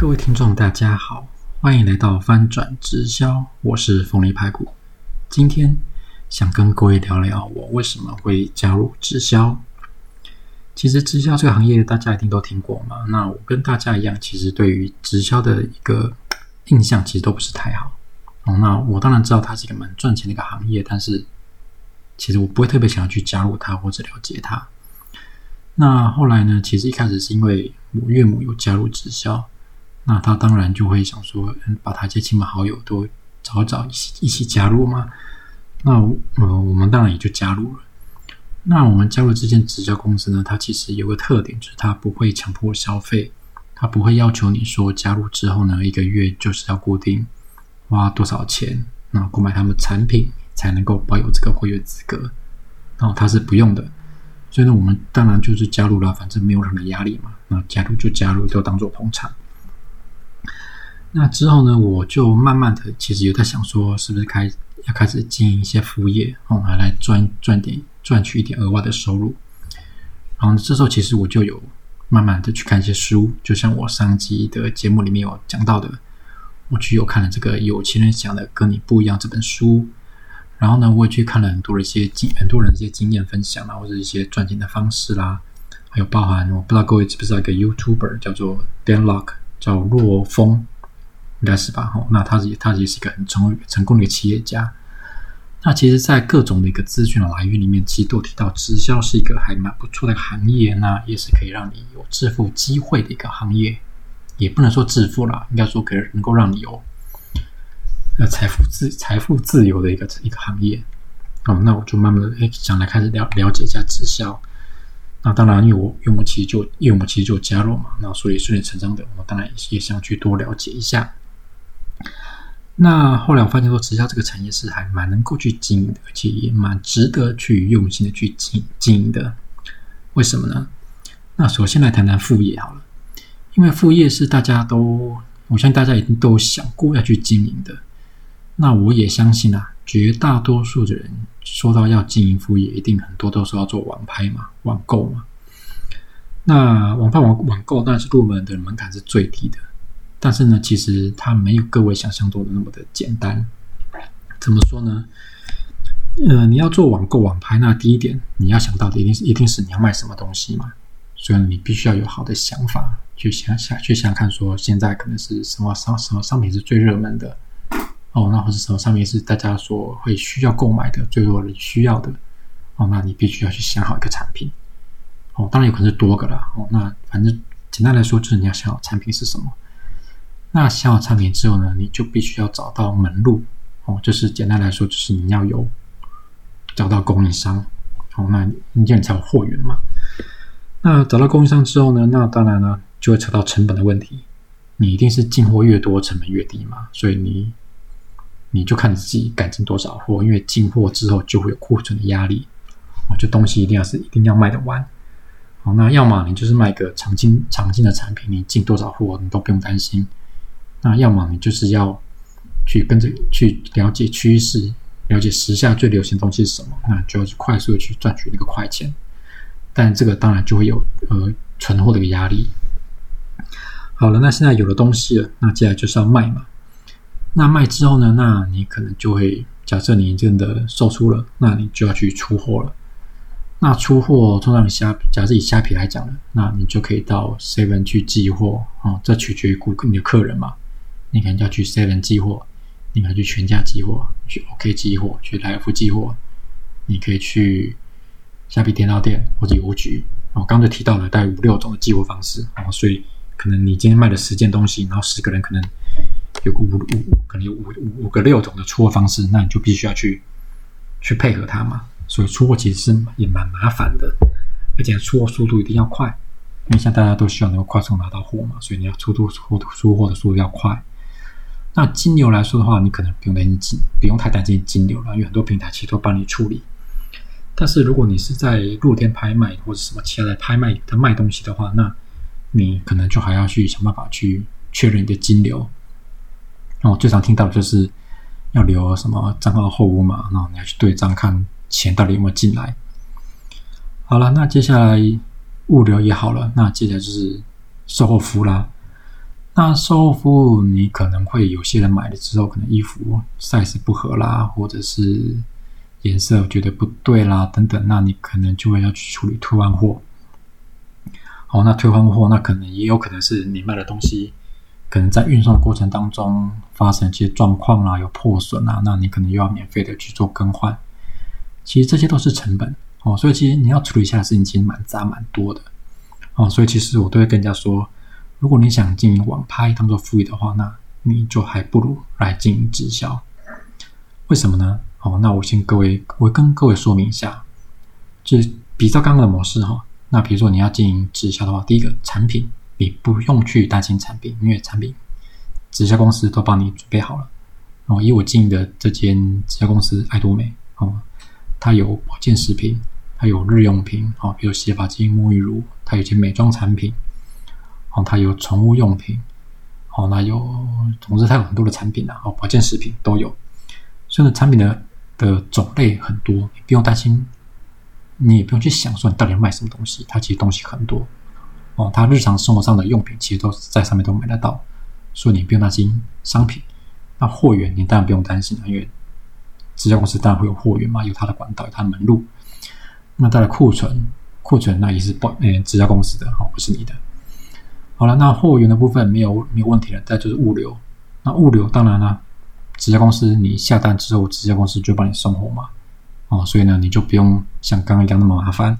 各位聽眾，大家好，歡迎來到翻轉直銷。我是鳳梨排骨，今天想跟各位聊聊我為什麼會加入直銷。其實直銷這個行業，大家一定都聽過嘛。那我跟大家一樣，其實對於直銷的一個印象，其實都不是太好。嗯，那我當然知道它是一個蠻賺錢的一個行業，但是其實我不會特別想要去加入它或者了解它。那後來呢？其實一開始是因為我岳母有加入直銷。那他當然就會想說，把他這些親朋好友都找一找，一起一起加入嘛。那呃，我們當然也就加入了。那我們加入這間直銷公司呢，它其實有個特點，就是它不會強迫消費，它不會要求你說加入之後呢，一個月就是要固定花多少錢，然後購買他們產品才能夠保有這個會員資格。那它是不用的，所以呢，我們當然就是加入了，反正沒有任何壓力嘛。那加入就加入，就當做捧場。那之後呢，我就慢慢的，其實有在想說，是不是開要開始經營一些副業，然、嗯、後來賺賺點賺取一點額外的收入。然後呢，這時候其實我就有慢慢的去看一些書，就像我上期的節目裡面有講到的，我去有看了這個《有錢人想的跟你不一樣》這本書。然後呢，我也去看了很多的一些經很多人的一些經驗分享啦，或者一些賺錢的方式啦，還有包含我不知道各位知不知道一個 YouTuber 叫做 Dan Lok，叫洛峰。應該是吧，哈，那他是他也是一個很成功成功的一個企業家。那其實，在各種的一個資訊的來源裡面，其實都提到直銷是一個還蠻不錯的行業，那也是可以讓你有致富機會的一個行業，也不能說致富啦，應該說可能，能夠讓你有財富自財富自由的一個一個行業。那我就慢慢的哎，想來開始了了解一下直銷。那當然，因為我因為我們其實就因為我們其實就加入嘛，那所以順理成章的，我當然也想去多了解一下。那後來我發現說，直銷這個產業是還蠻能夠去經營的，而且也蠻值得去用心的去經營經營的。為什麼呢？那首先來談談副業好了，因為副業是大家都，我相信大家一定都想過要去經營的。那我也相信啊，絕大多數的人說到要經營副業，一定很多都說要做網拍嘛、網購嘛。那網拍網網購當然是入門的門檻是最低的。但是呢，其實它沒有各位想象中的那麼的簡單。怎麼說呢？呃，你要做網購網拍，那第一點你要想到的一定是，一定是你要賣什麼東西嘛。所以你必須要有好的想法去想想，去想看說現在可能是什麼商、什麼商品是最熱門的哦，那或是什麼商品是大家所會需要購買的、最多人需要的哦。那你必須要去想好一個產品哦，當然有可能是多個啦，哦。那反正簡單來說，就是你要想好產品是什麼。那下好產品之後呢，你就必須要找到門路哦。就是簡單來說，就是你要有找到供應商哦。那因為你才有貨源嘛。那找到供應商之後呢，那當然呢就會扯到成本的問題。你一定是進貨越多成本越低嘛。所以你你就看你自己敢進多少貨，因為進貨之後就會有庫存的壓力哦。這東西一定要是一定要賣得完。好、哦，那要麼你就是賣個常進常進的產品，你進多少貨你都不用擔心。那要麼你就是要去跟着去了解趨勢，了解時下最流行的東西是什麼，那就要去快速的去賺取那個快錢。但這個當然就會有呃存貨的一個壓力。好了，那現在有了東西了，那接下來就是要賣嘛。那賣之後呢，那你可能就會假設你真的售出了，那你就要去出貨了。那出貨通常你蝦，假設以蝦皮來講呢，那你就可以到 Seven 去寄貨啊、哦，這取決於顧客，你的客人嘛。你可能要去 Seven 寄貨，你可能去全家寄貨，去 OK 寄貨，去萊爾富寄貨，你可以去蝦皮電腦店或者郵局。然後我剛才提到了大概五六種的寄貨方式然後、啊、所以可能你今天賣了十件東西，然後十個人可能有五五可能有五五五個六種的出貨方式，那你就必須要去去配合他嘛。所以出貨其實是也蠻麻煩的，而且出貨速度一定要快，因為像大家都希望能夠快速拿到貨嘛，所以你要出貨出貨出貨的速度要快。那金流來說的話，你可能不用擔心金，不用太擔心金流了，因為很多平台其實都幫你處理。但是如果你是在露天拍賣或者什麼其他的拍賣，他賣東西的話，那你可能就還要去想辦法去確認你的金流。那、哦、我最常聽到的就是要留什麼賬號的後五碼，然後你要去對賬看錢到底有沒有進來。好了，那接下來物流也好了，那接下來就是售後服務啦。那售後服務，你可能會有些人買了之後，可能衣服 size 不合啦，或者是顏色覺得不對啦，等等，那你可能就會要去處理退換貨。好，那退換貨，那可能也有可能是你賣的東西，可能在運送的過程當中發生一些狀況啦，有破損啦，那你可能又要免費的去做更換。其實這些都是成本哦，所以其實你要處理一下的事情，其實蠻雜蠻多的哦。所以其實我都會跟人家說。如果你想經營網拍當做副業的話，那你就還不如來進行直銷。為什麼呢？哦，那我先各位，我跟各位說明一下，就比較剛剛的模式哈。那比如說你要經營直銷的話，第一個產品，你不用去擔心產品，因為產品直銷公司都幫你準備好了。哦，以我經營的這間直銷公司艾多美哦，它有保健食品，它有日用品，好，比如洗髮精、沐浴乳，它有些美妝產品。它有寵物用品，好、哦，那有，同時它有很多的產品呢，哦，保健食品都有，所以呢，產品的的種類很多，你不用擔心，你也不用去想說你到底要賣什麼東西，它其實東西很多，哦，他日常生活上的用品其實都是在上面都買得到，所以你不用擔心商品，那貨源你當然不用擔心，因為、啊、直銷公司當然會有貨源嘛，有它的管道，有它的門路，那它的庫存，庫存那也是不，嗯、呃，直銷公司的，好、哦，不是你的。好了，那貨源的部分沒有沒有問題了，再就是物流。那物流當然啦、啊，直銷公司你下單之後，直銷公司就幫你送貨嘛。啊、哦，所以呢，你就不用像剛剛一樣那麼麻煩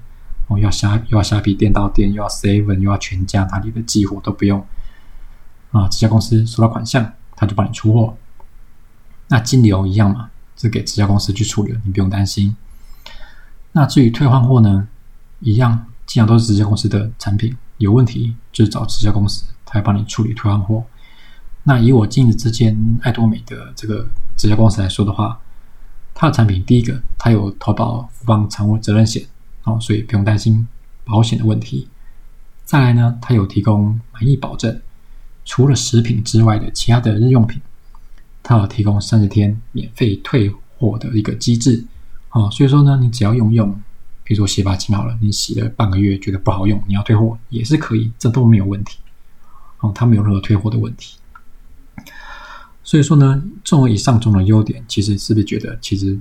哦，要蝦又要蝦皮店到店，又要 seven 又要全家，哪裡的寄貨都不用啊。直銷公司收到款項，他就幫你出貨。那金流一樣嘛，是給直銷公司去處理，你不用擔心。那至於退換貨呢，一樣，既然都是直銷公司的產品。有問題就是、找直銷公司，他要幫你處理退換貨。那以我今日之前愛多美的這個直銷公司來說的話，它的產品，第一個，它有投保富邦產物責任險，哦，所以不用擔心保險的問題。再來呢，它有提供滿意保證，除了食品之外的其他的日用品，它有提供三十天免費退貨的一個機制，哦，所以說呢，你只要用用。比如說洗髮精好了，你洗了半個月覺得不好用，你要退貨也是可以，這都沒有問題。哦，它沒有任何退貨的問題。所以說呢，這種以上中的優點，其實是不是覺得其實，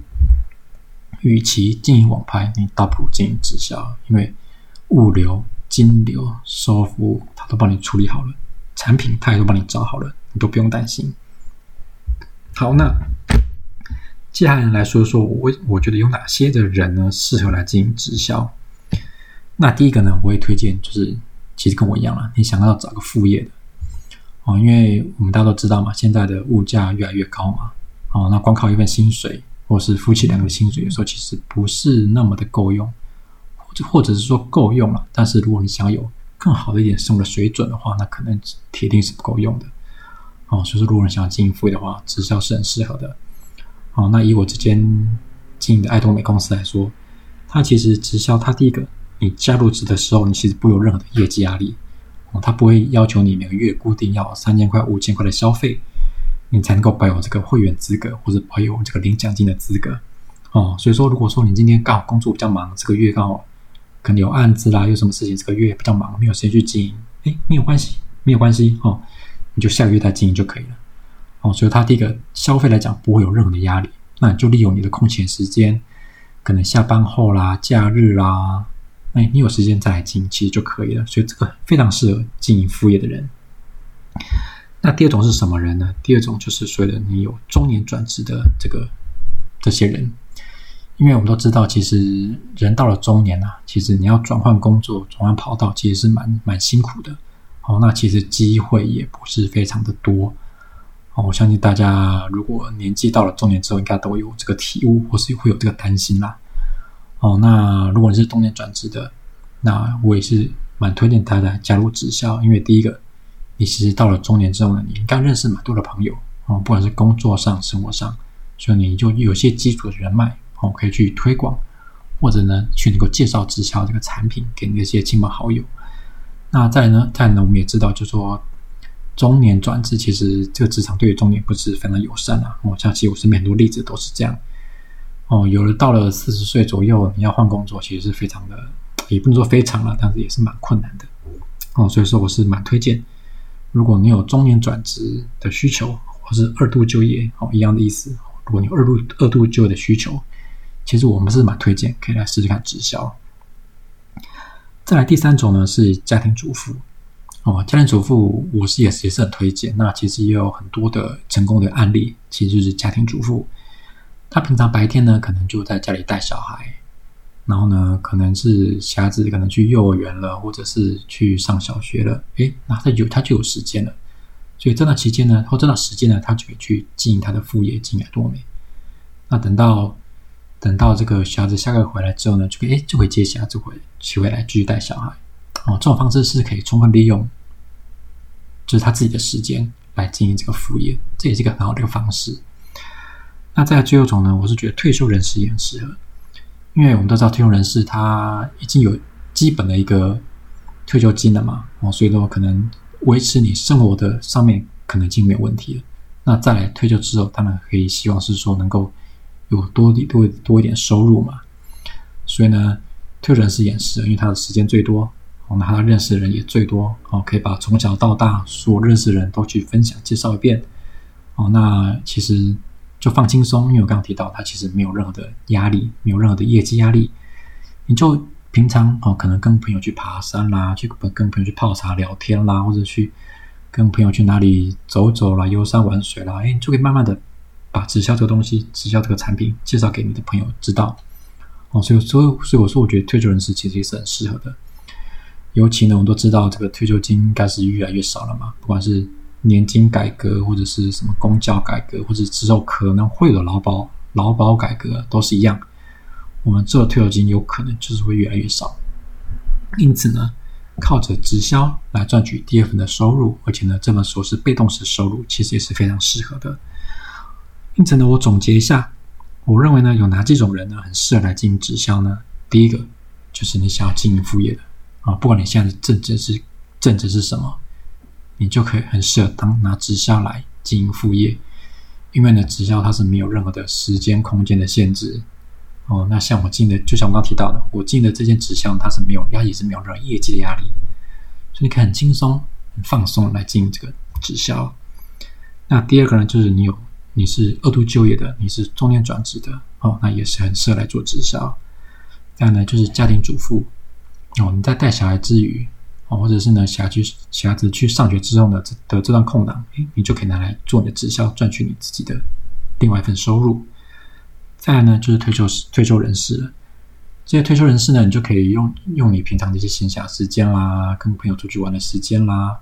與其經營網拍，你倒不如經營直銷，因為物流、金流、售後服務它都幫你處理好了，產品它也都幫你找好了，你都不用擔心。好，那。接下來來說說，我我覺得有哪些的人呢適合來進行直銷？那第一個呢，我會推薦就是，其實跟我一樣了，你想要找個副業的啊、哦，因為我們大家都知道嘛，現在的物價越來越高嘛，啊、哦，那光靠一份薪水或是夫妻兩個的薪水，有時候其實不是那麼的夠用，或者或者是說夠用了，但是如果你想要有更好的一點生活的水準的話，那可能鐵定是不夠用的。啊、哦，所以說，如果你想要經營副業的話，直銷是很適合的。好，哦，那以我這間經營的愛多美公司來說，它其實直銷，它第一個，你加入職的時候，你其實不會有任何的業績壓力，哦，它不會要求你每個月固定要三千塊、五千塊的消費，你才能夠保有這個會員資格，或者保有這個領獎金的資格，哦，所以說，如果說你今天剛好工作比較忙，這個月剛好可能有案子啦，又什麼事情，這個月也比較忙，沒有時間去經營，哎，沒有關係，沒有關係，哦，你就下個月再經營就可以了。哦，所以他第一個消費來講不會有任何的壓力，那你就利用你的空閒時間，可能下班後啦、假日啦，哎，你有時間再來經營其實就可以了。所以這個非常適合經營副業的人。那第二種是什麼人呢？第二種就是所謂的你有中年轉職的這個這些人，因為我們都知道，其實人到了中年啊，其實你要轉換工作、轉換跑道，其實是蠻蠻辛苦的。哦，那其實機會也不是非常的多。我相信大家，如果年紀到了中年之後，應該都有這個體悟，或是會有這個擔心啦。哦，那如果你是中年轉職的，那我也是蠻推薦大家加入直銷，因為第一個，你其實到了中年之後呢，你應該認識蠻多的朋友哦，不管是工作上、生活上，所以你就有些基礎的人脈哦，可以去推廣，或者呢，去能夠介紹直銷這個產品給你的一些親朋好友。那再呢，再呢，我們也知道，就是說。中年轉職其實這個職場對於中年不是非常友善啊、哦。像其實我身邊很多例子都是這樣。哦，有人到了四十歲左右，你要換工作，其實是非常的，也不能說非常了，啊，但是也是蠻困難的。哦，所以說我是蠻推薦，如果你有中年轉職的需求，或是二度就業，哦，一樣的意思。如果你有二度二度就業的需求，其實我們是蠻推薦，可以來試試看直銷。再來第三種呢，是家庭主婦。哦，家庭主婦，我是也是也是很推薦。那其實也有很多的成功的案例，其實就是家庭主婦。他平常白天呢，可能就在家裡帶小孩，然後呢，可能是小孩子可能去幼兒園了，或者是去上小學了。誒，那他有她就有時間了。所以這段期間呢，或這段時間呢，他就會去經營他的副業，經營多美。那等到等到這個小孩子下課回來之後呢，就可以哎，就會接小孩子就回取回來繼續帶小孩。哦，這種方式是可以充分利用，就是他自己的時間來經營這個副業，這也是一個很好的一個方式。那在最後一種呢，我是覺得退休人士也很適合，因為我們都知道退休人士他已經有基本的一個退休金了嘛，哦，所以的話可能維持你生活的上面可能已經沒有問題了。那再來退休之後，當然可以希望是說能夠有多多多一點收入嘛。所以呢，退休人士也是，因為他的時間最多。我們他認識的人也最多哦，可以把從小到大所認識的人都去分享、介紹一遍哦。那其實就放輕鬆，因為我剛剛提到他其實沒有任何的壓力，沒有任何的業績壓力。你就平常哦，可能跟朋友去爬山啦，去跟朋友去泡茶聊天啦，或者去跟朋友去哪裡走走啦、遊山玩水啦，哎，你就可以慢慢的把直銷這個東西、直銷這個產品介紹給你的朋友知道哦。所以，所以，所以我說，我覺得退休人士其實也是很適合的。尤其呢，我們都知道這個退休金應該是越來越少了嘛，不管是年金改革，或者是什麼公教改革，或者之後可能會有勞保勞保改革，都是一樣，我們做的退休金有可能就是會越來越少。因此呢，靠着直銷來賺取第二份的收入，而且呢，這份收入是被動式收入，其實也是非常適合的。因此呢，我總結一下，我認為呢，有哪幾種人呢，很適合來進行直銷呢？第一個就是你想要經營副業的。啊、哦，不管你現在的正職是正職是什麼，你就可以很適合當拿直銷來經營副業，因為呢，直銷它是沒有任何的時間、空間的限制。哦，那像我進的，就像我剛，剛提到的，我進的這件直銷，它是沒有，它也是沒有任何業績的壓力，所以你可以很輕鬆、很放鬆來經營這個直銷。那第二個呢，就是你有你是二度就業的，你是中年轉職的，哦，那也是很適合來做直銷。再呢，就是家庭主婦。哦，你在帶小孩之餘，哦，或者是呢，小孩去，小孩子去上學之後的這的這段空檔，哎，你就可以拿來做你的直銷，賺取你自己的另外一份收入。再來呢，就是退休退休人士了，這些退休人士呢，你就可以用用你平常的一些閒暇時間啦，跟朋友出去玩的時間啦，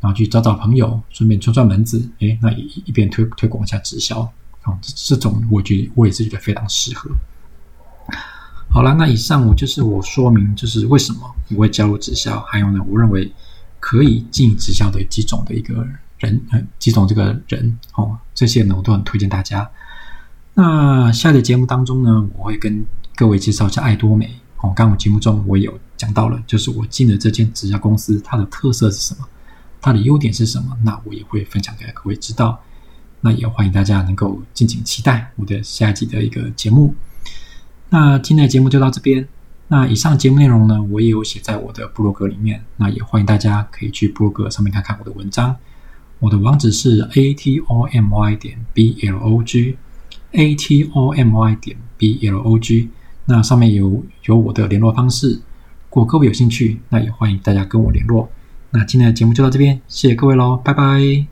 然後去找找朋友，順便串串門子，哎，那一一邊推推廣一下直銷，哦，這這種我覺得我也是覺得非常適合。好了，那以上我就是我說明，就是為什麼我會加入直銷，還有呢，我認為可以進直銷的幾種的一個人，幾種這個人哦，這些呢我都很推薦大家。那下一節節目當中呢，我會跟各位介紹一下愛多美哦。剛剛我節目中我有講到了，就是我進的這間直銷公司，它的特色是什麼，它的優點是什麼，那我也會分享給各位知道。那也歡迎大家能夠敬請期待我的下一集的一個節目。那今天的節目就到這邊。那以上節目內容呢，我也有寫在我的部落格裡面。那也歡迎大家可以去部落格上面看看我的文章。我的網址是 A T O M Y 點 B L O G，A T O M Y 點 B L O G。那上面有有我的聯絡方式。如果各位有興趣，那也歡迎大家跟我聯絡。那今天的節目就到這邊，謝謝各位嘍，拜拜。